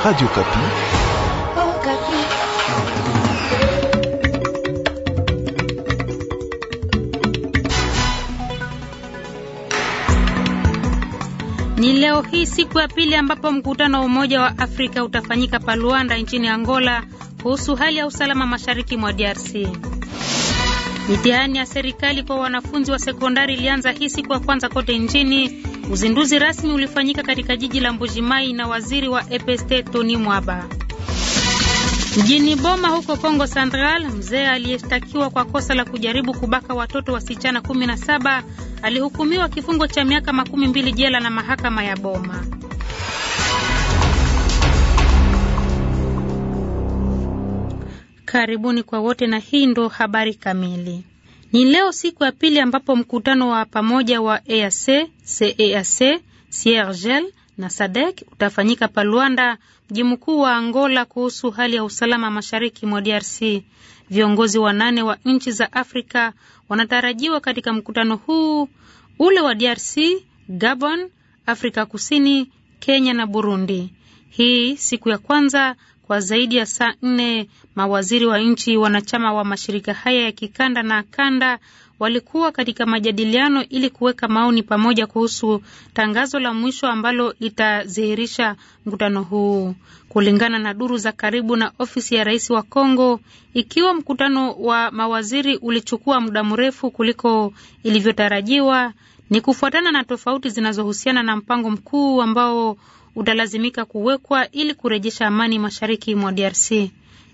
Radio Kapi. Oh, Kapi. Ni leo hii siku ya pili ambapo mkutano wa Umoja wa Afrika utafanyika pa Luanda nchini Angola kuhusu hali ya usalama mashariki mwa DRC. Mitihani ya serikali kwa wanafunzi wa sekondari ilianza hii siku ya kwanza kote nchini Uzinduzi rasmi ulifanyika katika jiji la Mbujimai na waziri wa EPST Tony Mwaba. Mjini Boma huko Kongo Central, mzee aliyeshtakiwa kwa kosa la kujaribu kubaka watoto wasichana 17 alihukumiwa kifungo cha miaka makumi mbili jela na mahakama ya Boma. Karibuni kwa wote na hii ndo habari kamili. Ni leo siku ya pili ambapo mkutano wa pamoja wa EAC, CEAC, Siergel na SADC utafanyika pa Luanda, mji mkuu wa Angola, kuhusu hali ya usalama mashariki mwa DRC. Viongozi wanane wa nchi za Afrika wanatarajiwa katika mkutano huu, ule wa DRC, Gabon, Afrika Kusini, Kenya na Burundi. Hii siku ya kwanza kwa zaidi ya saa nne. Mawaziri wa nchi wanachama wa mashirika haya ya kikanda na kanda walikuwa katika majadiliano ili kuweka maoni pamoja kuhusu tangazo la mwisho ambalo litadhihirisha mkutano huu. Kulingana na duru za karibu na ofisi ya rais wa Kongo, ikiwa mkutano wa mawaziri ulichukua muda mrefu kuliko ilivyotarajiwa, ni kufuatana na tofauti zinazohusiana na mpango mkuu ambao utalazimika kuwekwa ili kurejesha amani mashariki mwa DRC.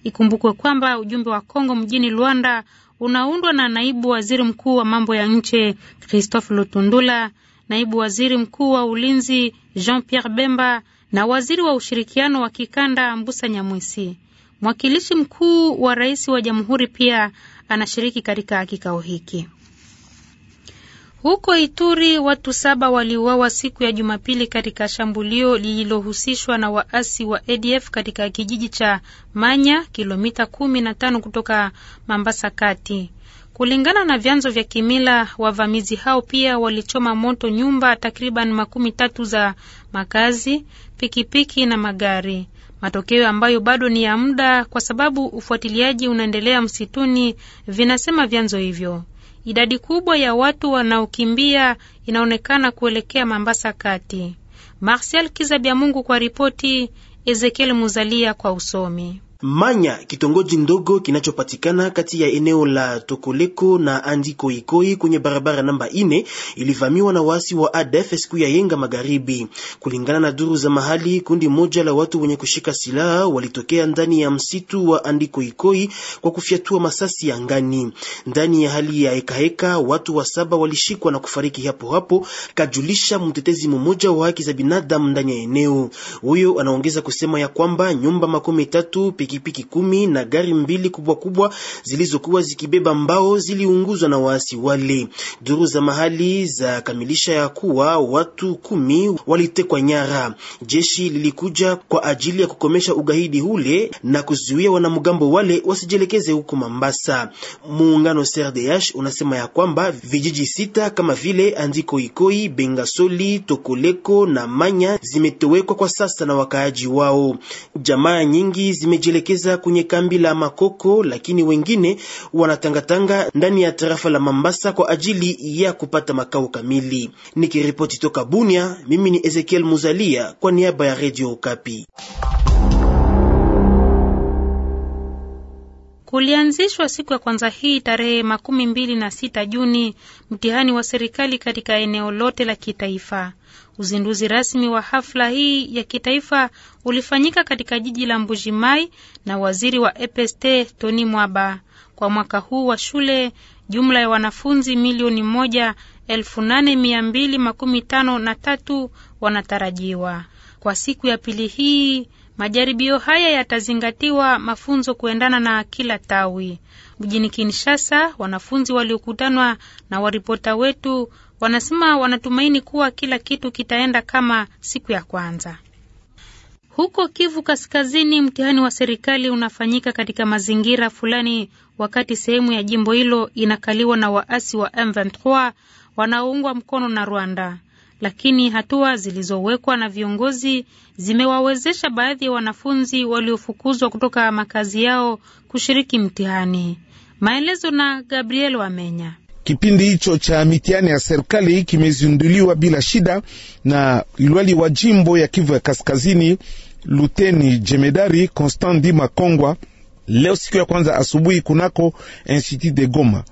Ikumbukwe kwamba ujumbe wa Kongo mjini Luanda unaundwa na naibu waziri mkuu wa mambo ya nje Christophe Lutundula, naibu waziri mkuu wa ulinzi Jean Pierre Bemba na waziri wa ushirikiano wa kikanda Mbusa Nyamwisi. Mwakilishi mkuu wa rais wa jamhuri pia anashiriki katika kikao hiki. Huko Ituri watu saba waliuawa siku ya Jumapili katika shambulio lililohusishwa na waasi wa ADF katika kijiji cha Manya, kilomita kumi na tano kutoka Mambasa kati. Kulingana na vyanzo vya kimila, wavamizi hao pia walichoma moto nyumba takriban makumi tatu za makazi, pikipiki na magari, matokeo ambayo bado ni ya muda kwa sababu ufuatiliaji unaendelea msituni, vinasema vyanzo hivyo idadi kubwa ya watu wanaokimbia inaonekana kuelekea Mambasa kati. Marcel Kizabia Mungu kwa ripoti, Ezekiel Muzalia kwa usomi. Manya, kitongoji ndogo kinachopatikana kati ya eneo la Tokoleko na Andi Koikoi kwenye barabara namba ine, ilivamiwa na waasi wa ADF siku ya Yenga Magharibi. Kulingana na duru za mahali, kundi moja la watu wenye kushika silaha walitokea ndani ya msitu wa Andi Koikoi kwa kufyatua masasi ya ngani. Ndani ya hali ya hekaheka, watu wa saba walishikwa na kufariki hapo hapo, kajulisha mtetezi mmoja wa haki za binadamu ndani ya eneo. Huyo anaongeza kusema ya kwamba nyumba makumi tatu pikipiki kumi na gari mbili kubwa kubwa zilizokuwa zikibeba mbao ziliunguzwa na waasi wale. Duru za mahali za kamilisha ya kuwa watu kumi walitekwa nyara. Jeshi lilikuja kwa ajili ya kukomesha ugaidi ule na kuzuia wanamgambo wale wasijelekeze huko Mambasa. Muungano CRDH unasema ya kwamba vijiji sita kama vile Ikoi, Bengasoli, Tokoleko na Manya zimetowekwa kwa sasa na wakaaji wao. Jamaa nyingi zimejelekeza wanajielekeza kwenye kambi la Makoko, lakini wengine wanatangatanga ndani ya tarafa la Mambasa kwa ajili ya kupata makao kamili. Nikiripoti toka Bunia, mimi ni Ezekiel Muzalia kwa niaba ya Radio Okapi. Kulianzishwa siku ya kwanza hii tarehe makumi mbili na sita Juni mtihani wa serikali katika eneo lote la kitaifa. Uzinduzi rasmi wa hafla hii ya kitaifa ulifanyika katika jiji la Mbujimai na waziri wa EPST Tony Mwaba. Kwa mwaka huu wa shule, jumla ya wanafunzi milioni moja elfu nane mia mbili makumi tano na tatu wanatarajiwa. Kwa siku ya pili hii Majaribio haya yatazingatiwa mafunzo kuendana na kila tawi. Mjini Kinshasa, wanafunzi waliokutanwa na waripota wetu wanasema wanatumaini kuwa kila kitu kitaenda kama siku ya kwanza. Huko Kivu Kaskazini, mtihani wa serikali unafanyika katika mazingira fulani, wakati sehemu ya jimbo hilo inakaliwa na waasi wa M23 wanaoungwa mkono na Rwanda lakini hatua zilizowekwa na viongozi zimewawezesha baadhi ya wanafunzi waliofukuzwa kutoka makazi yao kushiriki mtihani. Maelezo na Gabriel Wamenya. Kipindi hicho cha mitihani ya serikali kimezinduliwa bila shida na lwali wa jimbo ya Kivu ya Kaskazini, Luteni Jemedari Constant Dima Kongwa, leo siku ya kwanza asubuhi kunako Institut de Goma.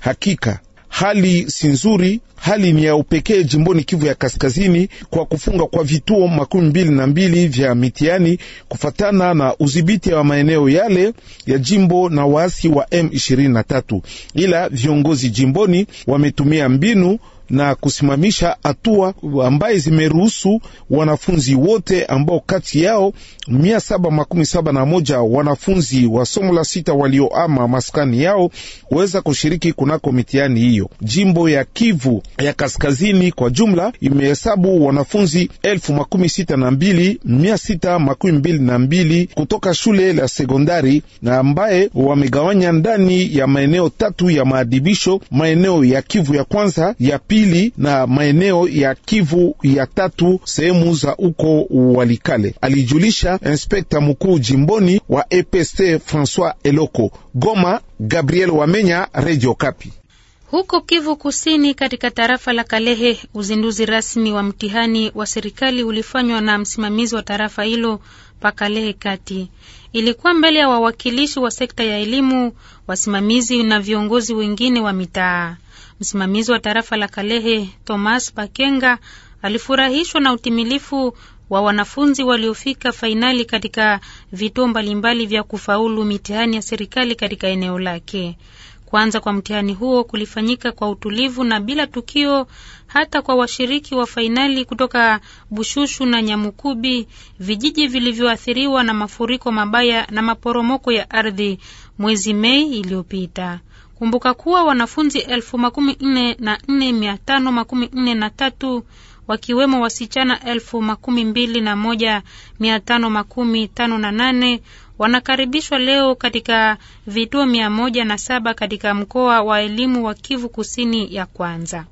Hakika Hali si nzuri, hali ni ya upekee jimboni Kivu ya Kaskazini kwa kufunga kwa vituo makumi mbili na mbili vya mitihani kufatana na udhibiti wa maeneo yale ya jimbo na waasi wa M23, ila viongozi jimboni wametumia mbinu na kusimamisha hatua ambaye zimeruhusu wanafunzi wote ambao kati yao mia saba makumi saba na moja wanafunzi wa somo la sita walioama maskani yao kuweza kushiriki kunako mitihani hiyo. Jimbo ya Kivu ya Kaskazini kwa jumla imehesabu wanafunzi elfu makumi sita na mbili mia sita makumi mbili na mbili kutoka shule la sekondari na ambaye wamegawanya ndani ya maeneo tatu ya maadibisho, maeneo ya Kivu ya kwanza ya pili pili na maeneo ya Kivu ya tatu sehemu za uko Walikale, alijulisha inspekta mkuu jimboni wa EPST Francois Eloko. Goma, Gabriel Wamenya, Radio Kapi. Huko Kivu Kusini, katika tarafa la Kalehe, uzinduzi rasmi wa mtihani wa serikali ulifanywa na msimamizi wa tarafa hilo pa Kalehe Kati. Ilikuwa mbele ya wawakilishi wa sekta ya elimu, wasimamizi na viongozi wengine wa mitaa. Msimamizi wa tarafa la Kalehe Thomas Pakenga alifurahishwa na utimilifu wa wanafunzi waliofika fainali katika vituo mbalimbali vya kufaulu mitihani ya serikali katika eneo lake. Kwanza kwa mtihani huo kulifanyika kwa utulivu na bila tukio hata kwa washiriki wa fainali kutoka Bushushu na Nyamukubi, vijiji vilivyoathiriwa na mafuriko mabaya na maporomoko ya ardhi mwezi Mei iliyopita. Kumbuka kuwa wanafunzi elfu makumi nne na nne mia tano makumi nne na tatu wakiwemo wasichana elfu makumi mbili na moja mia tano makumi tano na nane wanakaribishwa leo katika vituo mia moja na saba katika mkoa wa elimu wa Kivu Kusini ya kwanza.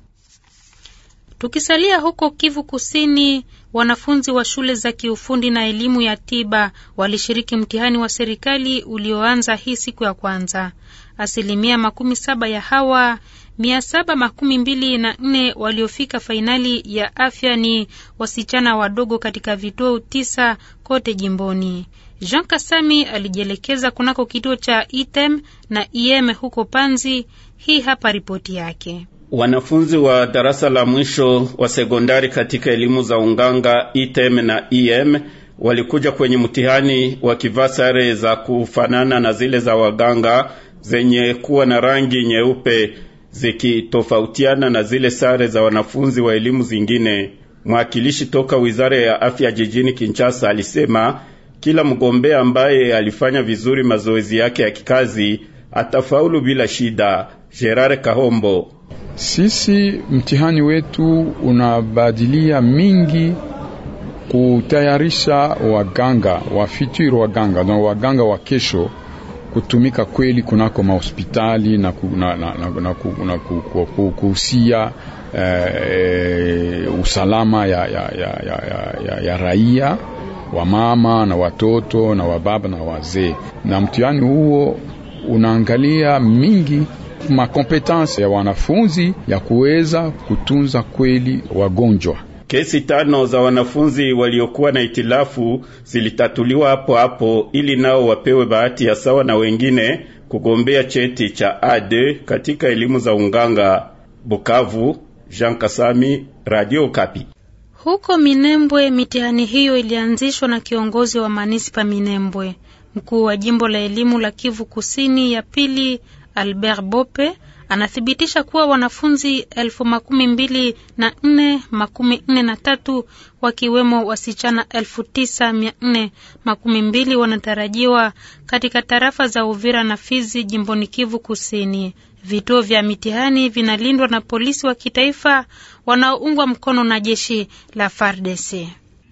Tukisalia huko Kivu Kusini, wanafunzi wa shule za kiufundi na elimu ya tiba walishiriki mtihani wa serikali ulioanza hii siku ya kwanza. Asilimia makumi saba ya hawa mia saba makumi mbili na nne waliofika fainali ya afya ni wasichana wadogo katika vituo tisa kote jimboni. Jean Kasami alijielekeza kunako kituo cha ITEM na IEM huko Panzi. Hii hapa ripoti yake. Wanafunzi wa darasa la mwisho wa sekondari katika elimu za unganga ITM na EM walikuja kwenye mtihani wakivaa sare za kufanana na zile za waganga zenye kuwa na rangi nyeupe zikitofautiana na zile sare za wanafunzi wa elimu zingine. Mwakilishi toka Wizara ya Afya jijini Kinshasa alisema kila mgombea ambaye alifanya vizuri mazoezi yake ya kikazi atafaulu bila shida. Gerard Kahombo sisi mtihani wetu unabadilia mingi kutayarisha waganga wa future waganga na waganga wa kesho kutumika kweli kunako mahospitali na kuhusia usalama ya raia wa mama na watoto na wababa na wazee, na mtihani huo unaangalia mingi makompetansi ya wanafunzi ya kuweza kutunza kweli wagonjwa. Kesi tano za wanafunzi waliokuwa na itilafu zilitatuliwa hapo hapo ili nao wapewe bahati ya sawa na wengine kugombea cheti cha ad katika elimu za unganga. Bukavu, Jean Kasami, Radio Kapi. Huko Minembwe, mitihani hiyo ilianzishwa na kiongozi wa manispa Minembwe. Mkuu wa jimbo la elimu la Kivu Kusini ya pili Albert Bope anathibitisha kuwa wanafunzi elfu makumi mbili na nne makumi nne na tatu wakiwemo wasichana elfu tisa mia nne makumi mbili wanatarajiwa katika tarafa za Uvira na Fizi jimboni Kivu Kusini. Vituo vya mitihani vinalindwa na polisi wa kitaifa wanaoungwa mkono na jeshi la FARDC.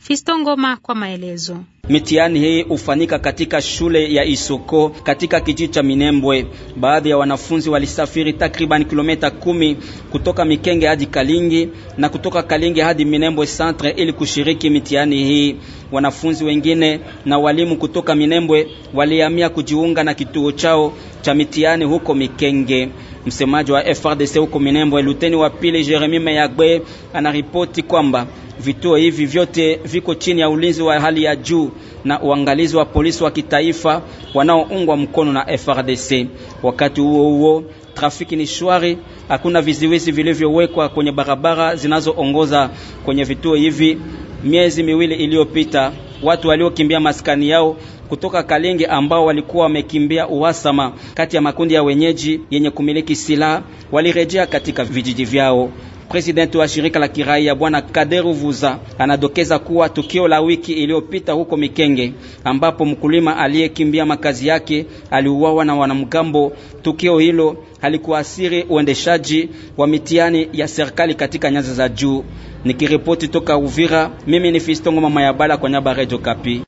Fisto Ngoma kwa maelezo. Mitihani hii hufanika katika shule ya Isoko katika kijiji cha Minembwe. Baadhi ya wanafunzi walisafiri takriban kilomita kumi kutoka Mikenge hadi Kalingi na kutoka Kalingi hadi Minembwe Centre ili kushiriki mitihani hii. Wanafunzi wengine na walimu kutoka Minembwe walihamia kujiunga na kituo chao cha mitihani huko Mikenge. Msemaji wa FRDC huko Minembwe, Luteni wa Pili Jeremy Mayagwe anaripoti kwamba Vituo hivi vyote viko chini ya ulinzi wa hali ya juu na uangalizi wa polisi wa kitaifa wanaoungwa mkono na FRDC. Wakati huo huo, trafiki ni shwari, hakuna viziwizi vilivyowekwa kwenye barabara zinazoongoza kwenye vituo hivi. Miezi miwili iliyopita, watu waliokimbia maskani yao kutoka Kalenge ambao walikuwa wamekimbia uhasama kati ya makundi ya wenyeji yenye kumiliki silaha walirejea katika vijiji vyao. Presidenti wa shirika la kiraia bwana Kaderu Vuza anadokeza kuwa tukio la wiki iliyopita huko Mikenge, ambapo mkulima aliyekimbia makazi yake aliuawa na wanamgambo, tukio hilo halikuasiri uendeshaji wa mitihani ya serikali katika nyanza za juu. Nikiripoti toka Uvira, mimi ni Fistongo mama ya Bala kwa nyaba Radio Kapi.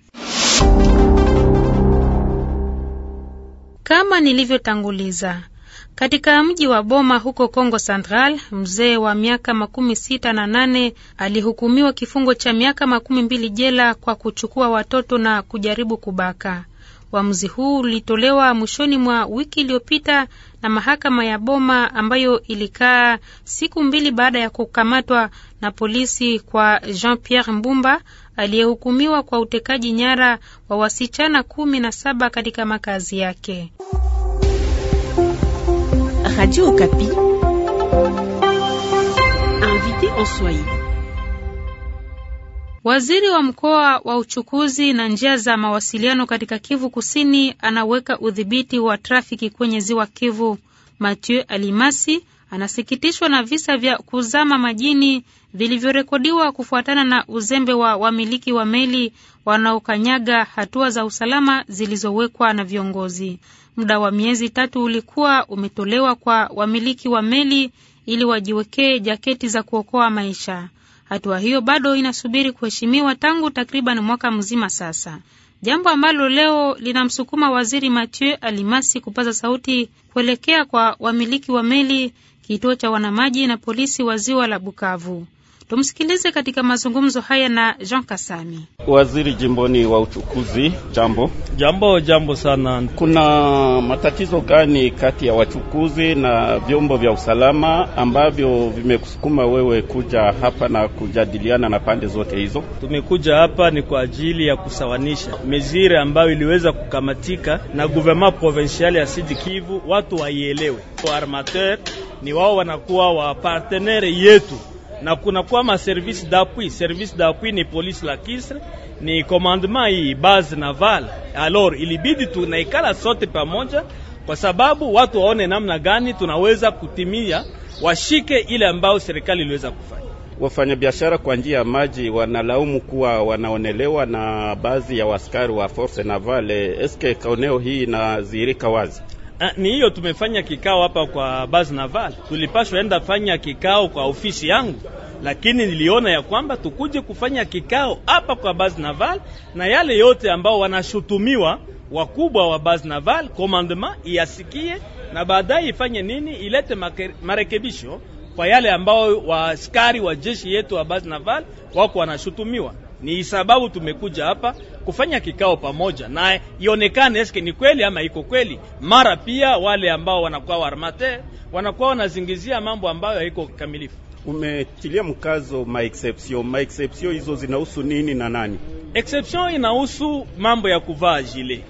Kama nilivyotanguliza katika mji wa Boma huko congo Central, mzee wa miaka makumi sita na nane alihukumiwa kifungo cha miaka makumi mbili jela kwa kuchukua watoto na kujaribu kubaka. Uamuzi huu ulitolewa mwishoni mwa wiki iliyopita na mahakama ya Boma ambayo ilikaa siku mbili baada ya kukamatwa na polisi kwa Jean-Pierre Mbumba aliyehukumiwa kwa utekaji nyara wa wasichana kumi na saba katika makazi yake. Radio Okapi. Invité en soi. Waziri wa mkoa wa uchukuzi na njia za mawasiliano katika Kivu Kusini anaweka udhibiti wa trafiki kwenye Ziwa Kivu. Mathieu Alimasi anasikitishwa na visa vya kuzama majini vilivyorekodiwa kufuatana na uzembe wa wamiliki wa meli wanaokanyaga hatua za usalama zilizowekwa na viongozi. Muda wa miezi tatu ulikuwa umetolewa kwa wamiliki wa meli ili wajiwekee jaketi za kuokoa maisha. Hatua hiyo bado inasubiri kuheshimiwa tangu takriban mwaka mzima sasa, jambo ambalo leo linamsukuma waziri Mathieu Alimasi kupaza sauti kuelekea kwa wamiliki wa meli, kituo cha wanamaji na polisi wa ziwa la Bukavu. Tumsikilize katika mazungumzo haya na Jean Kasami, waziri jimboni wa uchukuzi. Jambo jambo jambo sana. Kuna matatizo gani kati ya wachukuzi na vyombo vya usalama ambavyo vimekusukuma wewe kuja hapa na kujadiliana na pande zote hizo? Tumekuja hapa ni kwa ajili ya kusawanisha mezire ambayo iliweza kukamatika na gouvernement provincial ya Sud Kivu. Watu waielewe, armateur ni wao wanakuwa wa partenere yetu na kwa ma service d'appui. Service d'appui ni police la Kisre, ni commandement hii base naval. Alors ilibidi tunaikala sote pamoja, kwa sababu watu waone namna gani tunaweza kutimia, washike ile ambayo serikali iliweza kufanya. Wafanyabiashara kwa njia ya maji wanalaumu kuwa wanaonelewa na baadhi ya waskari wa force navale. Eske kaoneo hii inazihirika wazi? Ah, ni hiyo tumefanya kikao hapa kwa base naval. Tulipashwa enda fanya kikao kwa ofisi yangu, lakini niliona ya kwamba tukuje kufanya kikao hapa kwa base naval, na yale yote ambao wanashutumiwa wakubwa wa base naval, commandement iyasikie na baadaye ifanye nini, ilete marekebisho kwa yale ambao waaskari wa jeshi yetu wa base naval wako wanashutumiwa. Ni sababu tumekuja hapa kufanya kikao pamoja naye, ionekane eske ni kweli ama iko kweli. Mara pia wale ambao wanakuwa warmate wanakuwa wanazingizia mambo ambayo haiko kamilifu. Umetilia mkazo ma exception, ma exception hizo zinahusu nini na nani? Exception inahusu mambo ya kuvaa jile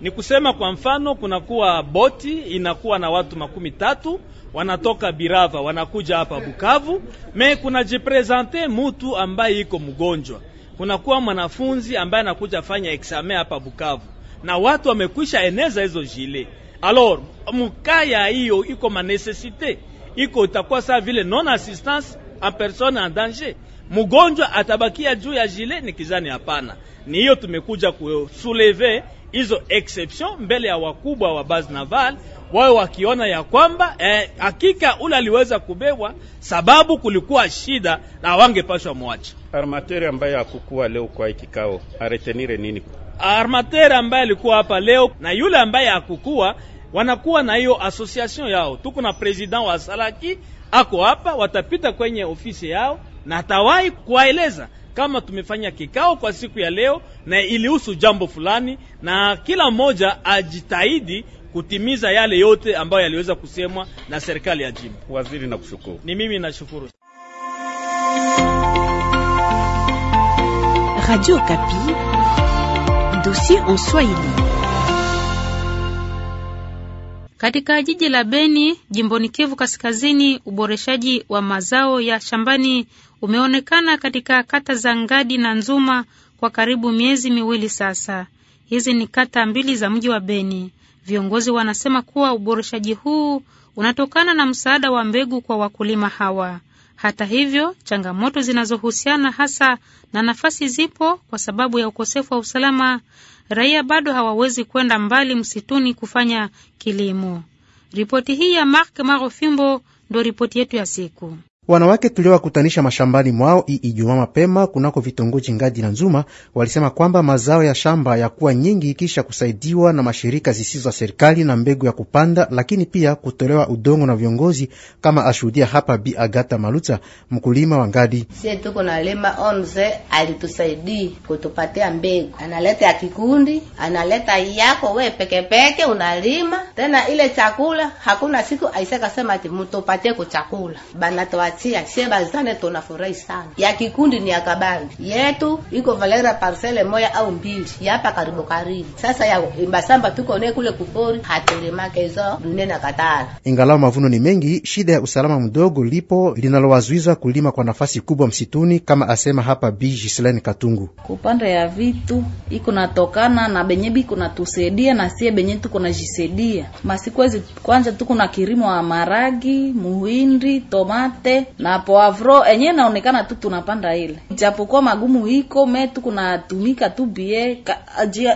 ni kusema kwa mfano, kunakuwa boti inakuwa na watu makumi tatu wanatoka Birava wanakuja hapa Bukavu, me jipresente mutu ambaye iko mgonjwa kunakuwa mwanafunzi ambaye anakuja fanya examen hapa Bukavu na watu wamekwisha eneza hizo jile. Alors mukaya hiyo iko manesesite iko itakuwa saa vile non assistance en personne en danger, mugonjwa atabakia juu ya jile. Ni kizani hapana, ni hiyo tumekuja kusuleve hizo exception mbele ya wakubwa wa base naval, wao wakiona ya kwamba eh, hakika eh, ule aliweza kubebwa sababu kulikuwa shida na wangepashwa mwacha. Armateur ambaye hakukuwa leo kwa kikao aretenire nini? Armateur ambaye alikuwa hapa leo na yule ambaye hakukuwa wanakuwa na hiyo association yao. Tuko na president wa Salaki ako hapa, watapita kwenye ofisi yao na atawahi kuwaeleza kama tumefanya kikao kwa siku ya leo na ilihusu jambo fulani, na kila mmoja ajitahidi kutimiza yale yote ambayo yaliweza kusemwa na serikali ya jimbo. Waziri, nakushukuru. Ni mimi nashukuru. Radio Kapi, dossier en Swahili. Katika jiji la Beni, jimboni Kivu Kaskazini, uboreshaji wa mazao ya shambani umeonekana katika kata za Ngadi na Nzuma kwa karibu miezi miwili sasa. Hizi ni kata mbili za mji wa Beni. Viongozi wanasema kuwa uboreshaji huu unatokana na msaada wa mbegu kwa wakulima hawa. Hata hivyo, changamoto zinazohusiana hasa na nafasi zipo kwa sababu ya ukosefu wa usalama. Raia bado hawawezi kwenda mbali msituni kufanya kilimo. Ripoti hii ya Mark Marofimbo ndo ripoti yetu ya siku. Wanawake tuliowakutanisha mashambani mwao ii Ijumaa mapema kunako vitongoji Ngadi na Nzuma walisema kwamba mazao ya shamba ya kuwa nyingi kisha kusaidiwa na mashirika zisizo za serikali na mbegu ya kupanda, lakini pia kutolewa udongo na viongozi, kama ashuhudia hapa Bi Agata Maluta, mkulima wa Ngadi. Sie tuko na lema onze alitusaidia kutupatia mbegu, analeta ya kikundi, analeta yako we pekepeke, unalima tena ile chakula. Hakuna siku aisakasema ati mutupatie kuchakula banatoa achia sie bazane, tunafurahi sana. Ya kikundi ni ya Kabambi yetu iko Valera, parcele moya au mbili yapa karibu karibu. Sasa ya Mbasamba tuko ne kule kupori hateremaka hizo na katara. Ingalau mavuno ni mengi, shida ya usalama mdogo lipo linalowazuiza kulima kwa nafasi kubwa msituni, kama asema hapa Bi Gislaine Katungu. Kupanda ya vitu iko natokana na benye biko natusaidia na sie benye tuko najisaidia masiku hizi, kwanza tuko na kirimo wa maragi, muhindi, tomate na poavro enye naonekana tu tunapanda ile, ijapokuwa magumu iko me tu kunatumika tu bie,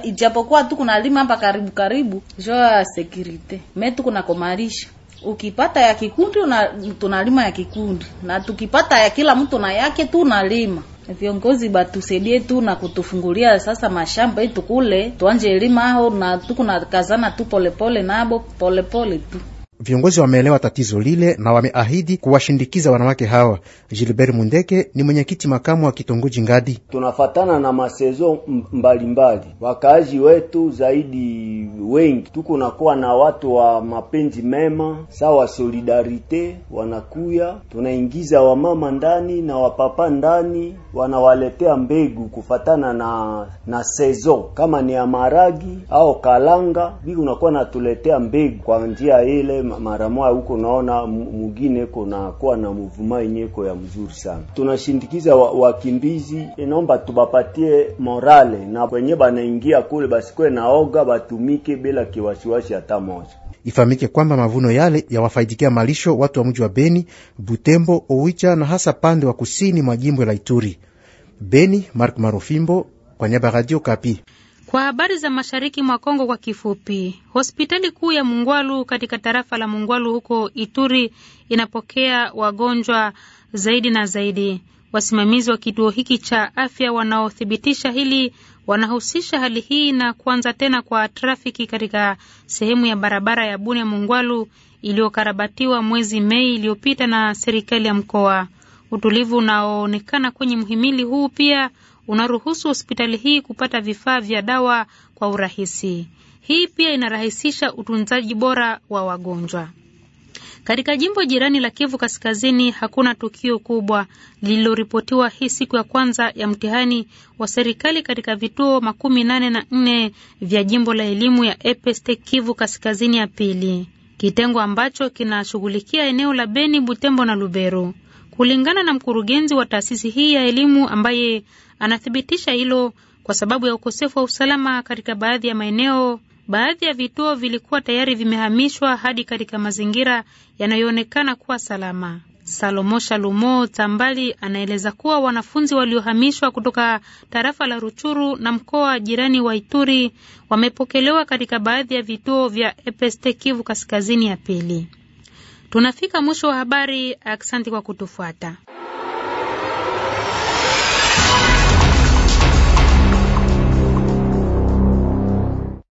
ijapokuwa tu kunalima hapa karibu karibu joa security me tu kunakomarisha ukipata ya kikundi una, tunalima ya kikundi, na tukipata ya kila mtu na yake tu tunalima. Viongozi batusaidie tu na kutufungulia sasa mashamba yetu kule, tuanje elima hao na tukunakazana tu polepole pole, nabo polepole pole tu. Viongozi wameelewa tatizo lile na wameahidi kuwashindikiza wanawake hawa. Gilbert Mundeke ni mwenyekiti makamu wa kitongoji Ngadi. Tunafatana na masezo mbalimbali, wakaaji wetu zaidi wengi tuko nakuwa na watu wa mapenzi mema, sawa solidarite, wanakuya tunaingiza wamama ndani na wapapa ndani, wanawaletea mbegu kufatana na na sezo, kama ni ya maragi au kalanga, vii unakuwa natuletea mbegu kwa njia ile mara moja huko, naona mwingine kuna kuwa na mvuma yenyeko ya mzuri sana. Tunashindikiza wakimbizi wa, e, inaomba tubapatie morale na wenye banaingia kule basikwe naoga, batumike bila kiwasiwasi hata moja. Ifahamike kwamba mavuno yale yawafaidikia malisho watu wa mji wa Beni, Butembo, Owicha na hasa pande wa kusini mwa jimbo la Ituri. Beni, Mark Marofimbo kwa niaba ya Radio Kapi. Kwa habari za mashariki mwa Kongo kwa kifupi, hospitali kuu ya Mungwalu katika tarafa la Mungwalu huko Ituri inapokea wagonjwa zaidi na zaidi. Wasimamizi wa kituo hiki cha afya wanaothibitisha hili wanahusisha hali hii na kuanza tena kwa trafiki katika sehemu ya barabara ya Bunia Mungwalu iliyokarabatiwa mwezi Mei iliyopita na serikali ya mkoa. Utulivu unaoonekana kwenye mhimili huu pia unaruhusu hospitali hii kupata vifaa vya dawa kwa urahisi. Hii pia inarahisisha utunzaji bora wa wagonjwa. Katika jimbo jirani la Kivu Kaskazini hakuna tukio kubwa lililoripotiwa hii siku ya kwanza ya mtihani wa serikali katika vituo makumi nane na nne vya jimbo la elimu ya EPST Kivu Kaskazini ya pili, kitengo ambacho kinashughulikia eneo la Beni, Butembo na Lubero kulingana na mkurugenzi wa taasisi hii ya elimu ambaye anathibitisha hilo. Kwa sababu ya ukosefu wa usalama katika baadhi ya maeneo, baadhi ya vituo vilikuwa tayari vimehamishwa hadi katika mazingira yanayoonekana kuwa salama. Salomo Shalumo Tambali anaeleza kuwa wanafunzi waliohamishwa kutoka tarafa la Ruchuru na mkoa jirani wa Ituri wamepokelewa katika baadhi ya vituo vya EPST Kivu Kaskazini ya pili. Tunafika mwisho wa habari. Asante kwa kutufuata.